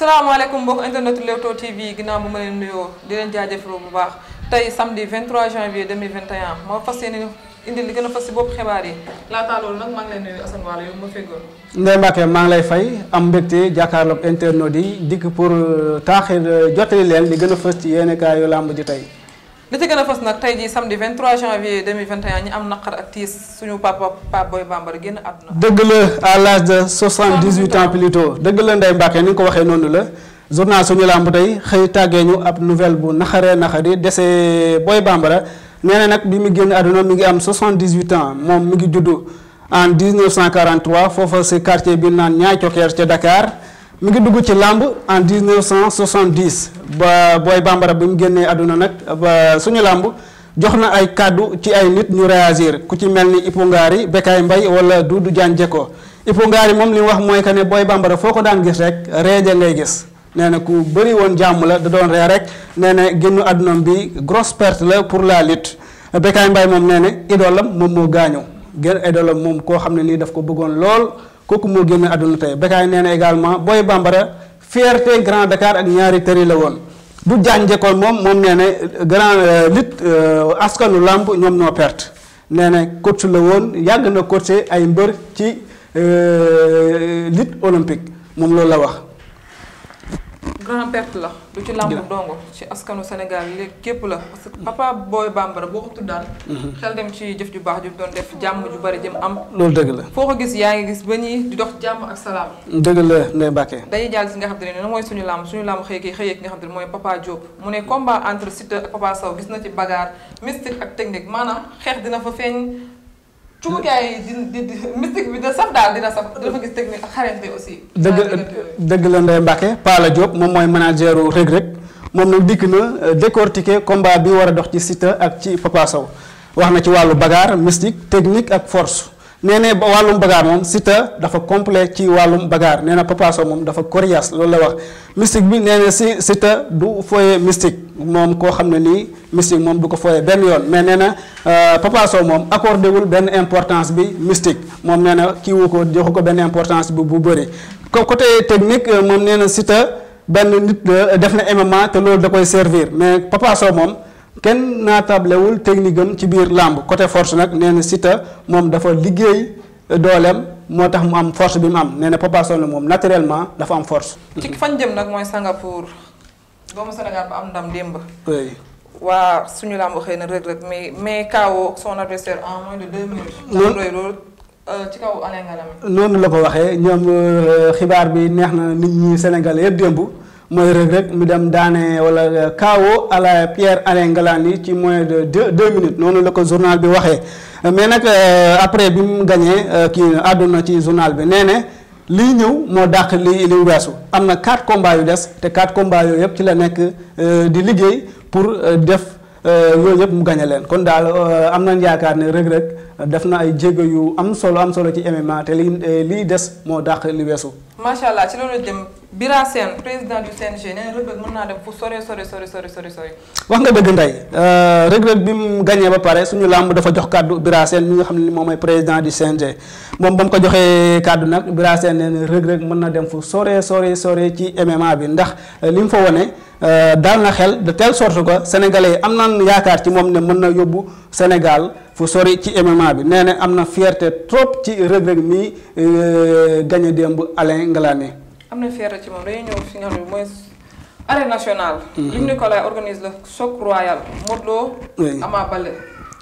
salaamaaleykum mbokk internet Leewtoo TV ginnaaw bu ma leen nuyoo di leen jaajëfal bu baax tey samedi 23 janvier 2021 moo fas yéene indil li gën a fas si bopp xibaar yi laataa loolu nag maa ngi leen nuyu Assane Wala yow ma feggoon. Ndeye Mbacke maa ngi lay fay am mbégte jàkkaarloog internet yi dikk pour euh, taaxir euh, jottali leen li gën a fës ci yéen kaay yu làmb ji tey. li ci gën a fës nag tey jii samedi 23 janvier 2021 ñu am naqar ak tiis suñu papa Pape Boy Bambara génn àdduna. dëgg la à l'âge de 78 ans plus tôt dëgg la Ndeye Mbacke ni nga ko waxee noonu la journal suñu làmb tey xëy tàggee ñu ab nouvelle bu naxaree naxari dese Boy Bambara nee na nag bi mu génn àdduna mi ngi am 78 ans moom mi ngi juddu en 1943 foofa si quartier bi naan ñaay cokkeer ca Dakar. mu ngi dugg ci làmb en 1970 ba booy bambara bi mu génnee àdduna nag ba suñu làmb jox na ay kàddu ci ay nit ñu réagir ku ci mel ni Ipo Ngari Bekay Mbay wala Duudu Jaan Jeko Ipo Ngari moom li mu wax mooy que ne booy bambara foo ko daan gis rek ree reeja ngay gis nee na ku bëri woon jàmm la da doon ree rek nee na génnu àdduna bi grosse perte la pour la lutte Bekay Mbay moom nee na idoolam moom moo gaañu gën idoolam moom koo xam ne nii daf ko bëggoon lool kooku moo génne àdduna tey Bécaye nee na également Boy Bambara fierté Grand Dakar ak ñaari tëri la woon du jànje kon moom moom nee na euh, grand euh, lit euh, askanu làmb ñoom ñoo perte nee na coach la woon yàgg na coaché ay mbër ci lutte olympique moom loolu la wax grand perte la du ci làmb dongo ci askanu Sénégal léegi képp la parce que papa booy bambara boo ko tuddaan mhm. xel dem ci jëf ju baax ju doon def jàmm ju bari jëm am loolu dëgg la foo ko gis yaa ngi gis ba ñii dox jàmm ak salaam dëgg la Ndeye Mbacke dañuy jàll si nga xam te mooy suñu làmb suñu làmb xëy ki xëyee ki xam te mooy papa Diop mu ne combat entre Siteu ak papa Sow gis na ci bagarre mystique ak technique maanaam xeex dina fa feeñ cubukaay di di mystique daal dina saf dafa gis technique ak xarañte aussi. dëgg dëgg la Ndeye Mbacke Pala Diop moom mooy manager u Reug moom nag dikk na euh, décortiquer combat bi war a dox ci Siteu ak ci Papa wax na ci wàllu bagaar mystique technique ak force. nee ne wàllum bagaar moom Siteu dafa complet ci wàllum bagaar nee na Papa moom dafa coriace loolu la wax mystique bi nee na si Siteu du fooye mystique moom koo xam ne nii mystique moom du ko fooye benn yoon mais nee na euh, moom accordé wul benn importance bi mystique moom nee na kii wu ko joxu ko benn importance bi bu bëri côté technique euh, moom nee na Siteu benn nit def na MMA te loolu da koy servir mais Papa Sow moom kenn naatablewul technique am ci biir làmb côté force nag nee na Siteu moom dafa liggéey doolem moo tax mu am force bi mu am nee na Papa Sow la moom naturellement dafa am force. ci fan jëm nag mooy Singapour doomu Sénégal ba am ndam démb. oui. waa suñu làmb xëy na Reug Reug mais mais KO son adversaire en moins de deux euh, noonu la ko waxee ñoom euh, xibaar bi neex na nit ñi Sénégal yëpp démb. mooy Reug Reug mu dem daane wala euh, KO à la Pierre Alain Ngalani ci moins de deux deux minutes noonu la ko journal bi waxee mais nag euh, après bi mu gañee euh, kii àdduna ci journal bi nee ne lii ñëw moo dàq li weesu am na quatre combats yu des te quatre combats yooyu yëpp ci la nekk di liggéey pour def yooyu yëpp mu gañe leen kon daal am nañ yaakaar ne Reug Reug def na ay jéego yu am solo am solo ci MMA te li lii des moo dàq li weesu. macha allah ci loolu dem Bira Sène président du CNG nee na Reug naa dem fu sore sore sore sori sore sore wax nga dëgg ndey euh, Reug Reug bi mu gagné ba pare suñu làmb dafa jox kàddu Bira Sène mi nga xam ne moom mooy président du CNG moom ba mu ko joxee kàddu nag Bira Sène nee na Reug mën na dem fu sore sore sore ci MMA bi ndax euh, li mu fa wone euh, daal na xel de telle sorte que sénégalais am naan yaakaar ci moom ne mën na yóbbu Sénégal fu sori ci MMA bi nee na am na fierte trop ci Reug Reug mi gagné démb Alain Ngalani am na fierté ci moom dañuy ñëw fi nga xam ne mooy arène nationale. Mhm. Luc Nicolaï organise le choc royal Modou Lô Ama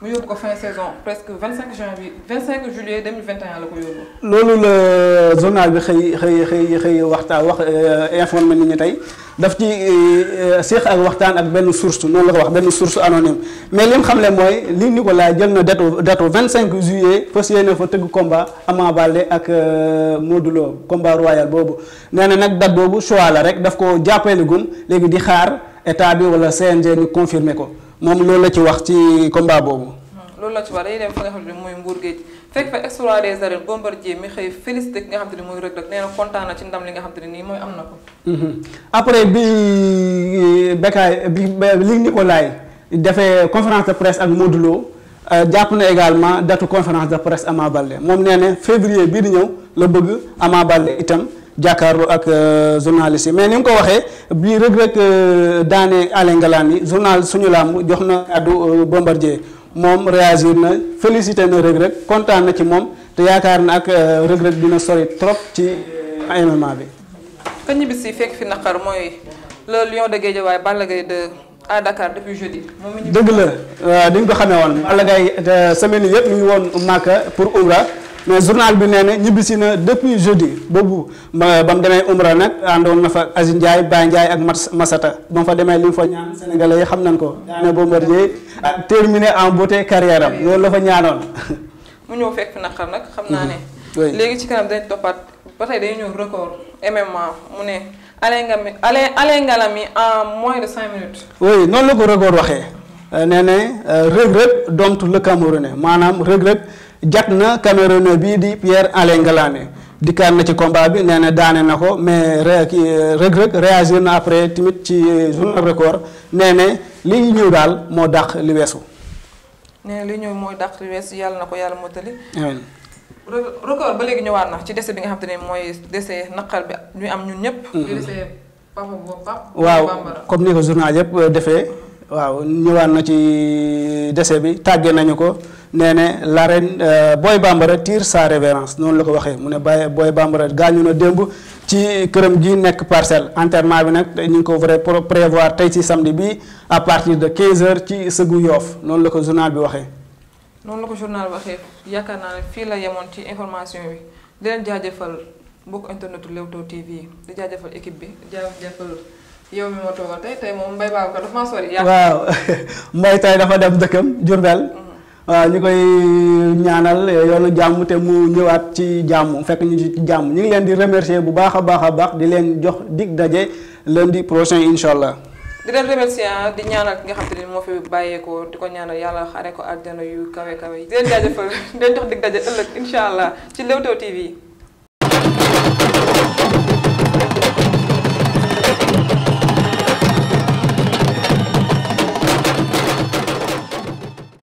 mu yóbbu ko fin saison presque vingt cinq janvier vingt cinq juillet deux la ko yóbbu. loolu la journal bi xëy xëy xëy xëy waxtaan wax euh, informé nit ñi tey. daf ci euh, euh, seex ak waxtaan ak benn source noonu la ko wax benn source anonyme mais li xam le mooy li Nicolas jël na date date vingt cinq juillet fas yéene fa tëgg combat Ama Baldé ak euh, Modou Lo combat royal boobu nee na nag date boobu choix la rek daf ko jàppale gum léegi di xaar état bi wala CNG ñu confirmer ko moom loolu la ci wax ci combat boobu. loolu la ci war dañuy dem fa nga xam ne mooy mbuur géej fekk fa exploit des arènes bombardier mi xëy félicité ki nga xam ne mooy Reug Reug nee na kontaan na ci ndam li nga xam te ne nii mooy am na ko mhm. après bi Bécaye bi Luc Nicolaï defee conférence ak Modou Lo euh, na également datu conférence de presse Ama Baldé moom nee na février bii di ñëw la bëgg Ama Baldé itam jàkkaarloo ak euh, journaliste yi mais ni nga ko waxee bii Reug Reug euh, daane Alain Ngalani journal suñu laam jox na addu Bombardier moom réagir na félicité na Reug kontaan na ci moom te yaakaar na ak euh, Reug bi na sori trop ci euh, MMA bi. ka ñibbisi fekk fi naqar mooy loolu lion de Guédiawaye Balla Gaye 2 à Dakar depuis jeudi. dëgg la di nga ko xamee woon Balla Gaye semaine yëpp mi woon Màkka pour Umra. mais journal bi nee na ñibbisi na depuis jeudi boobu ba mu demee Umra nag àndoon na fa Aziz Ndiaye Baye Ndiaye ak Massata ba mu fa demee li fa ñaan sénégalais yi xam nañ ko daane Bombardier ah, terminé en beauté carrière am loolu la fa ñaanoon mu ñëw fekk naqar nag xam naa ne mm-hmm. léegi ci kanam dañ toppaat ba tey dañu ñëw record MMA mu ne Alain Ngalami Alain Ngalami en moins de cinq minutes oui noonu la ko record waxee euh, nee na euh, Reug Reug dompte le jag na Cameroun bii di Pierre Alain Ngalane dikkaat na ci combat bi nee na daane na ko mais Reug Reug réagir na après tamit ci journal record nee na li ñëw daal moo dàq li weesu. na li ñëw mooy dàq li weesu yàlla na ko yàlla moo amiin record ba léegi ñëwaat na ci dese bi nga xam te ne mooy dese naqal bi ñuy am ñun ñëpp. Mm-hmm. di waaw comme ni ko journal yëpp defee waaw ñëwaat na ci dese bi tàggee nañu ko. nee ne la reine euh, booy Bambara tire sa révérence noonu la ko waxee mu ne Baye Boy Bambara gaañu na démb ci këram gi nekk parcelle enterrement bi nag ñu ngi ko vrai prévoir tey ci samedi bi à partir de 15h ci sëgu Yoff noonu la ko journal bi waxee. noonu la ko journal waxee yaakaar naa ne fii la yemoon ci information bi di leen jaajëfal mbokk internetu Leewtoo TV di jaajëfal équipe bi jaajëfal. yow mi ma a tey tey moom mbay baabu ko dafa maa sori. waaw mbay tey waaw ñu koy ñaanal yoonu jàmm te mu ñëwaat ci jàmm fekk ñu ci jàmm ñu ngi leen di remercier bu baax a baax a baax di leen jox dig daje lundi prochain incha allah. di leen remercier ah, di ñaanal ki nga xam te ni moo fi bàyyeekoo di ko ñaanal yàlla xare ko àjjana yu kawe kawe yi di leen jaajëfal di leen jox dig daje ëllëg incha allah ci Leewtoo TV.